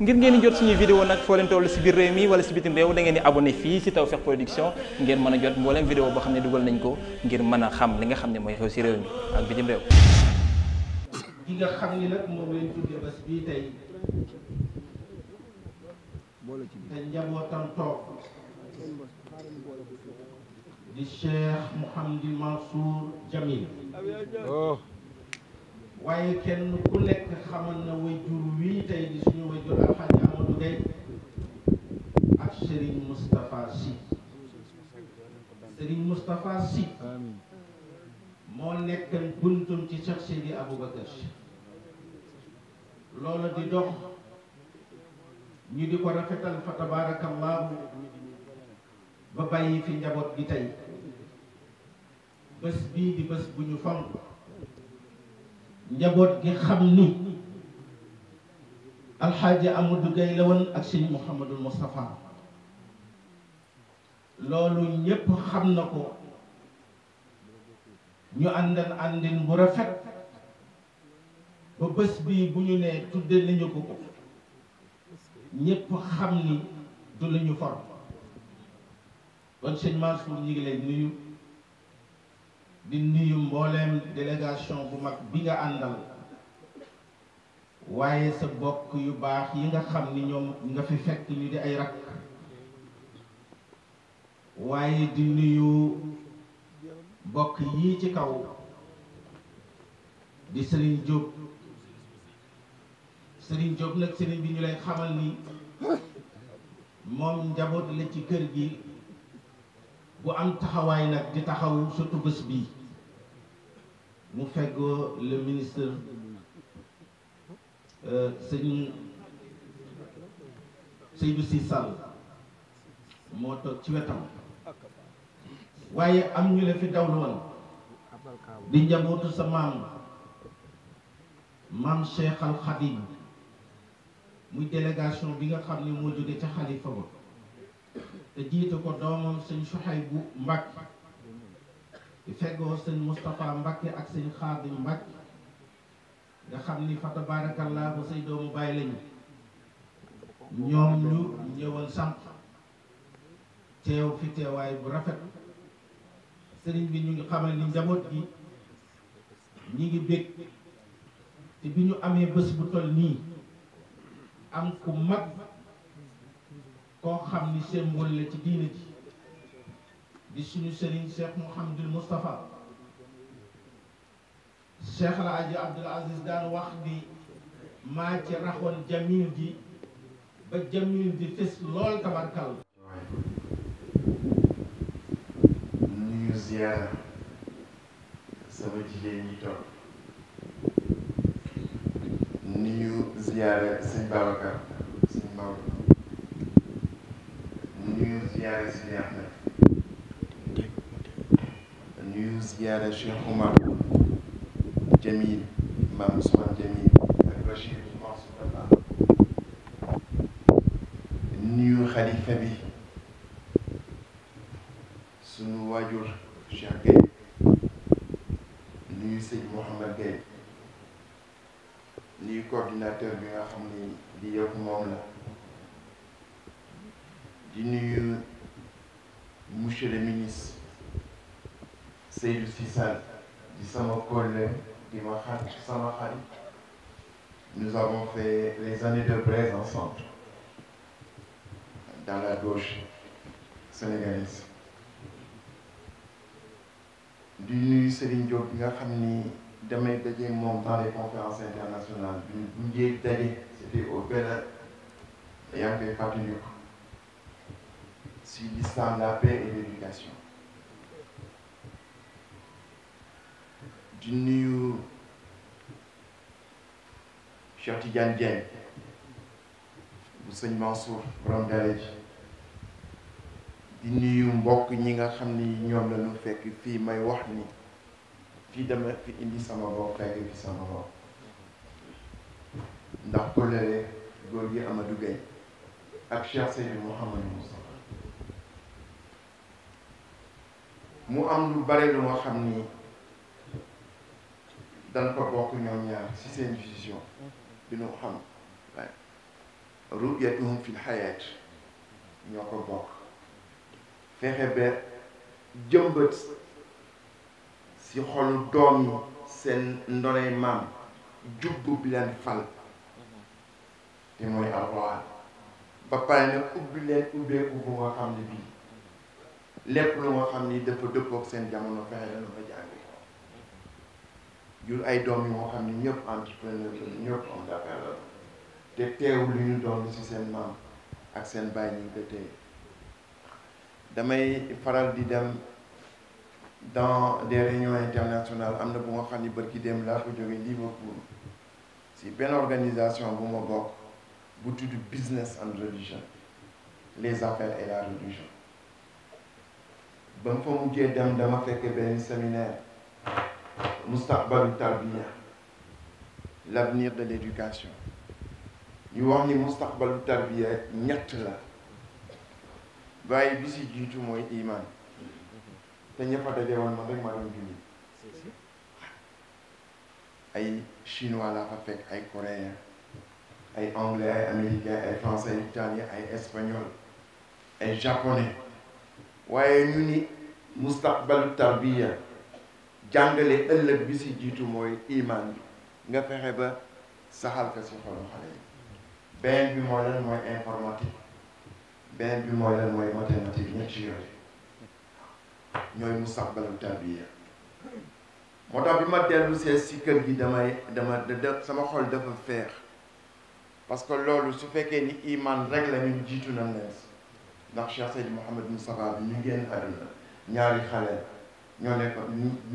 ngir ngeen di jot suñuy vidéo nag foo leen toll si biir réew mi wala si bitim réew da ngeen di abonné fii si Tawfekh Production ngeen mën a jot mbooleem vidéo boo xam ne dugal nañ ko ngir mën a xam li nga xam ne mooy xew ak bitim réew bi nga xam ni moom leen tudde bés bii tey te njabootam toog di Cheikh Mouhamadou waaye kenn ku nekk xamal na way jur wii tey di suñu way jur alxaaji Amadou Gueye ak Serigne Moustapha Sy Serigne Moustapha Sy moo nekkan buntum ci Cheikh Seydi Aboubacar Sy di dox ñu di ko rafetal fa tabaarakallaahu ba bàyyi fi njaboot gi tey bés bii di bés bu ñu njaboot gi xam ni alxaaji Amadou Gaye la woon ak sëñ Mouhamadul Moustapha loolu ñépp xam na ko ñu àndan àndin bu rafet ba bés bii bu ñu nee tudde nañu ko ko ñépp xam ni du lu ñu for kon sëñ Mansour nuyu di nuyu mbooleem délégation bu mag bi nga àndal waaye sa bokk yu baax yi nga xam ni ñoom nga fi fekk ñu di ay rakk waaye di nuyu bokk yii ci kaw di Serigne Diop Serigne Diop nag Serigne bi ñu lay xamal ni moom njaboot la ci kër gi bu am taxawaay nag di taxaw surtout bés bii mu feggoo le ministre euh, sëñ Seydou Sy Sall moo toog ci wetam waaye am ñu la fi dawlu woon di njabootu sa maam maam Cheikh Al muy délégation bi nga xam ne moo jóge ca xalifa ba te jiite ko doomam sëñ Souhaïbou Mbacké di feggoo sëñ Moustapha Mbacke ak sëñ Xaadim Mbacke nga xam ni fa tabarakallah ba say doomu bàyyi lañu ñoom ñu ñëwal sàmp teew fi teewaay bu rafet sëriñ bi ñu ngi xamal ni njaboot gi ñi ngi bég te bi ñu amee bës bu toll nii am ku mag koo xam ni seen mbol ci diina ji di suñu sëriñ Cheikh Mouhamadul Moustapha Cheikh El daan wax ni maa ci raxoon jamil ji ba jamil di fes lool tabarkal nuyu ziyaara sama jigéen ñi toog nuyu ziyaara ziyaara Cheikh Oumar Jamil Maam Ousmane Jamil ak Rachid Mansour Allah nuyu xalifa bi sunu waajur Cheikh Gueye nuyu sëñ Mouhamad Gueye nuyu coordinateur bi nga xam ni di yëpp moom la di nuyu monsieur le Seydou Sissane di sama collègue di ma xarit sama nous avons fait les années de braise ensemble dans la gauche sénégalaise di nuyu Serigne Diop bi nga xam ni damay daje moom dans les conférences internationales bi ñu njëkk daje c'était au Bénin yaa ngi koy fàttaliku sur l'islam la paix et l'éducation di nuyu Cheikh Tidiane Dieng bu sëñ Mansour borom daara ji mbokk ñi nga xam ni ñoom la fekk fii may wax ni fii dama fi indi sama bopp fekk fi sama bopp ndax kolere góor gi Amadou Gueye ak Cheikh Seydou Mouhamadou Moustapha mu am lu bare lu nga xam ni dana ko bokk ñoom ñaar ci seen vision bi ñu xam waaye ru'yatuhum fil hayaat ñoo ko bokk fexe ba jëmbët ci xolu doom yi seen ndoney maam jubbu bi leen fal te mooy alxuraan ba nag ubbi leen ubbeeku bu nga xam ne bii lépp lu nga xam ni dafa dëppook seen jamono fexe leen ba jàngi jur ay doom yi moo xam ne ñëpp entrepreneur la ñëpp homme d'affaires la te teewul li ñu doon ci seen maam ak seen bàyyi ñu ngi ko téye damay faral di dem dans de réunions internationales am na bu nga xam ni bërki dem laa ko jógee Liverpool si benn organisation bu ma bokk bu tudd business and religion les affaires et la religion ba mu fa mujjee dem dama fekke benn séminaire mustaqbalu tarbiya l'avenir de l'éducation ñu wax ni mustaqbalu tarbiya ñett la waaye bi si jiitu mooy iman te ña fa daje man rek ma doon julli ay chinois laa fa fekk ay coréen ay anglais ay américain ay français ay italien ay espagnol ay japonais waaye ñu ni mustaqbalu tarbiya jàngale ëllëg bi si jiitu mooy imaan bi nga fexe ba saxal ko si xolu xale yi beneen bi mooy lan mooy informatique beneen bi mooy lan mooy mathématique ñetti yooyu ñooy mustaqbalu tarbiya moo tax bi ma dellu see si kër gi damay dama sama xol dafa feex parce que loolu su fekkee ni iman rek la jiitu na nees ndax Cheikh Seydi Mouhamed Moustapha bi ñu génn àdduna ñaari xale ñoo nekkoon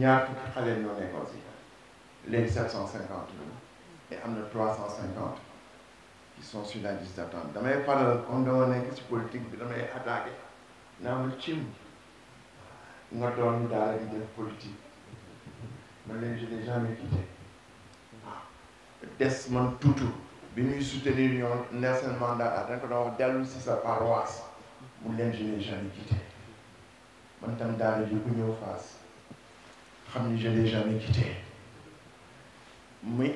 ñaar fukki xale ñoo nekkoon si léegi sept cent cinquante et am na trois cent cinquante qui sont sur la liste d'attente damay faral comme dama nekk si politique bi damay attaqué naa ma cim nga doon daal di def politique man leen je n'ai jamais ah, des man tuutu bi muy soutenir ñoom ne seen mandat dañ ko doon wax si sa paroisse mu leen je n'ai jamais man tam daara ji ku ñëw Fass xam ni je l'ai jamais quitté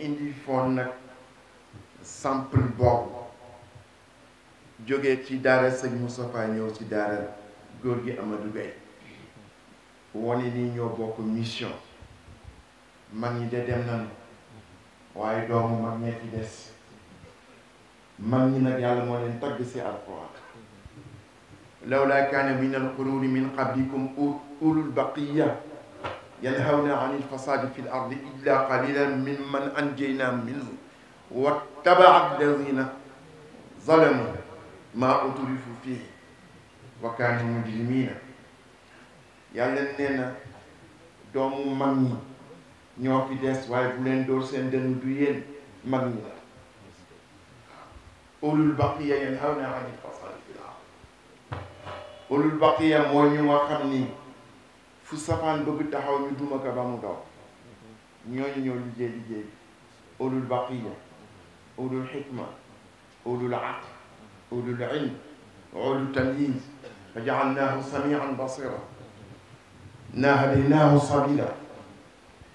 indi foon nag sample boobu jógee ci daara sëñ Moustapha ñëw ci daara góor gi Amadou Gueye wane ni ñoo bokk mission mag ñi de dem nañu waaye doomu mag ñee fi des mag ñi nag yàlla moo leen tagg si alxuraan lawlaa kaana min alquruuni min qablikum ulul baqiya yanhawna an ilfasadi fi l ardi illa qalilan min man anjayna minhu wattabaa alladina zalamu maa utrifu fihi wa kaanu mujrimina yàlla nee na doomu mag ñi ñoo fi des waaye bu leen door seen dënnu du yéen mag ñi la ulul baqiya yanhawna an ilfasadi fi l ardi ulul baqiya mooy ñu nga xam ni fu safaan bëgg taxaw ñu duma ko ba mu daw ñooñu ñoo liggéey liggéey bi ulul baqiya ulul xikma ulul aql ulul ilm ulul tamyiz fa jaalnaahu samian basira naa hadaynaahu sabila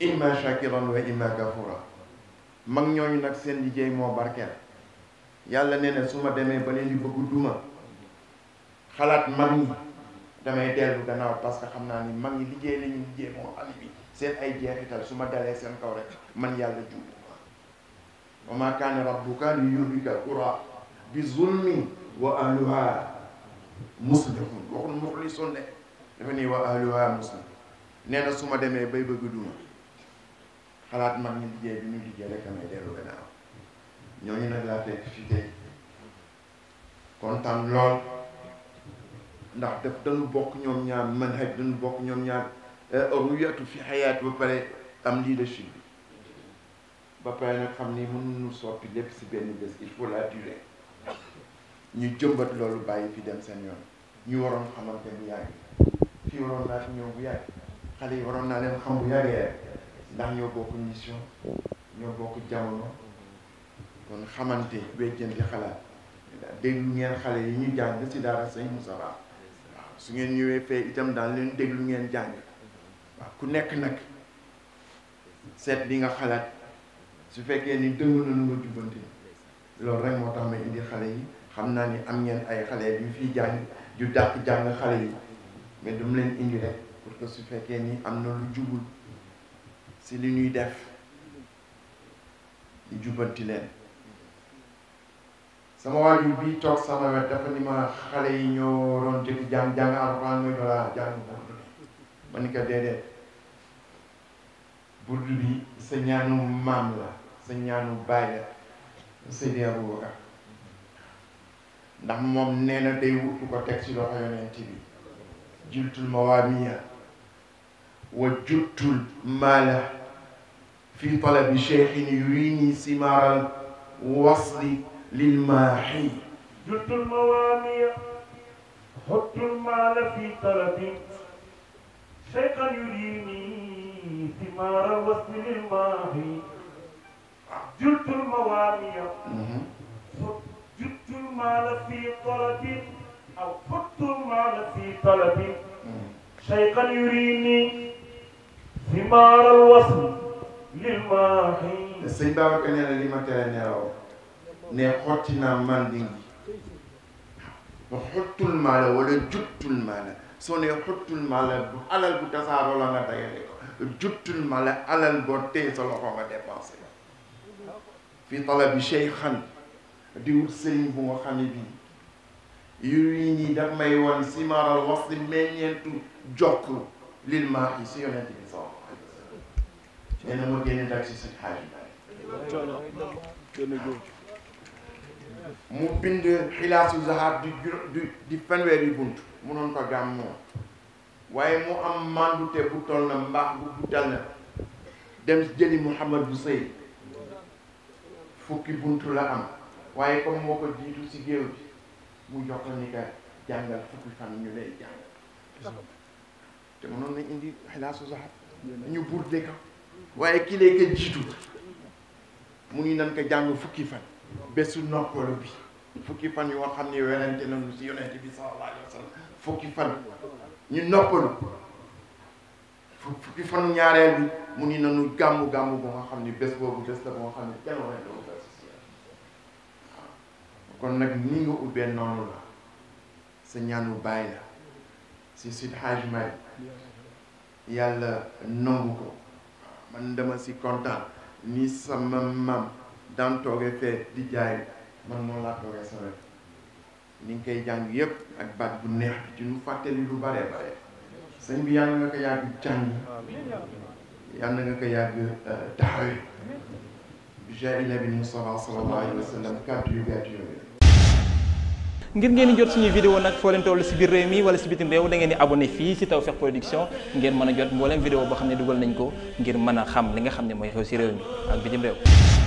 imma shakiran wa imma kafura mag ñooñu nag seen liggéey moo barkeel yàlla nee na su ma demee ba leen di bëgg duma xalaat mag ñi damay dellu gannaaw parce que xam naa ni mag ñi liggéey lañu liggéey moo xam bi seen ay jeexital su ma dalee seen kaw rek man yàlla juum wa maa kaana rabbuka li yuhlika al-quraa bi zulmin wa ahluha muslihun waxul muxlisun de dafa na su ma demee bay bëgg duma xalaat mag ñi liggéey bi ñu liggéey rek damay dellu gannaaw ñooñu nag laa fekk fi tey kontaan lool ndax daf dañu bokk ñoom ñaar manhaj dañu bokk ñoom ñaar eh, ruyatu fi xayaat ba pare am leadership bi ba pare nag xam ni mënuñu soppi lépp si benn bés il faut la durée ñu jëmbat loolu bàyyi fi dem seen yoon ñu waroon xamante bu yàgg fii waroon naa fi ñëw bu yàgg xale yi waroon naa leen xam bu yàggee ndax ñoo bokk mission ñoo bokk jamono kon xamante weccante xalaat dégg ngeen xale yi ñu jàng si daara sëñ Moussa su ngeen ñëwee fee itam daan leen déglu ngeen jàng waaw ku nekk nag seet li nga xalaat su fekkee ni dëng na nu nga jubbanti loolu rek moo tax ma indi xale yi xam naa ni am ngeen ay xale ñu fi jàng yu dàq jàng xale yi mais dama leen indi rek pour que su fekkee ni am na lu jubul si li ñuy def ñu jubbanti leen sama waajur bi toog sama wet dafa ni ma xale yi ñoo waroon dëkk jàng jàng alxuraan mooy doolaa jàng burdu ma ni ko déedéet burdu bi sa ñaanu maam la sa ñaanu baay la Seydi Abubakar ndax moom nee day wutu ko teg ci loxo yonent bi jultul mawaamiya wa juttul maala fi talabi cheikhin yurini simaral wasli للماحي جلت المواني حط المال في طلب شيخا يريني ثمار وصل الماحي جلت المواني جلت المال في طلب أو حط المال في طلب شيخا يريني ثمار الوصل للماحي السيد بابك أنا لما كان يراو ne xotti naa mandingi ba xottul maala wala juttul maala soo ne xottul maala alal bu tasaaroo la nga dajale juttul maala alal boo téye sa loxo nga dépensé fi talabi cheikhan di wut sëriñ bu nga xam ne bii yuyu ñi daf may woon simaral wasli meññeentu jokk lil maax yi si yonent bi saw nee na ma génne taksi si xaaj mu bind xilaasu zahar di jur di fanweeri bunt mu noonu ko gàmmoo waaye mu am mandute bu toll na mbaax bu guddal na dem jëli Mouhamad bu sëy fukki bunt la am waaye comme moo ko jiitu si géew bi mu jox la ni jàngal fukki fan ñu lay jàngal te mënoon nañ indi xilaasu zahar ñu burde ko waaye kii lay ka jiitu mu ni nan jàng fukki fan bésu noppalu bi fukki fan yoo xam ne werante nañu si yonent bi sallallahu alayhi wa sallam fukki fan ñu noppalu fukki fan ñaareel mu ni nañu gàmmu gàmmu ba nga xam ne bés boobu bés la ba xam ne kenn werante wu waaw kon nag ni nga ubbee noonu la sa ñaanu bàyyi la si Seydi Hadji Malick yàlla nangu ko man dama si kontaan ni sama maam daan toogee fee di jaay man noonu laa toogee sa wet ni koy jàng yépp ak baat bu neex bi ci nu fàttali lu bare bare sëñ bi yàlla nga ko yàgg jàng yàlla nga ko yàgg euh, taxawee bi jaay nabi Mustafa sallallahu alayhi wa sallam kàddu yu gàtt ngir ngeen jot suñuy vidéo nag foo leen toll si biir réew mi wala si bitim réew da ngeen di abonné fii si Tawfekh Production ngeen mën a jot mbooleem vidéo boo xam ne dugal nañ ko ngir mën a xam li nga xam ne mooy xew si réew mi ak bitim réew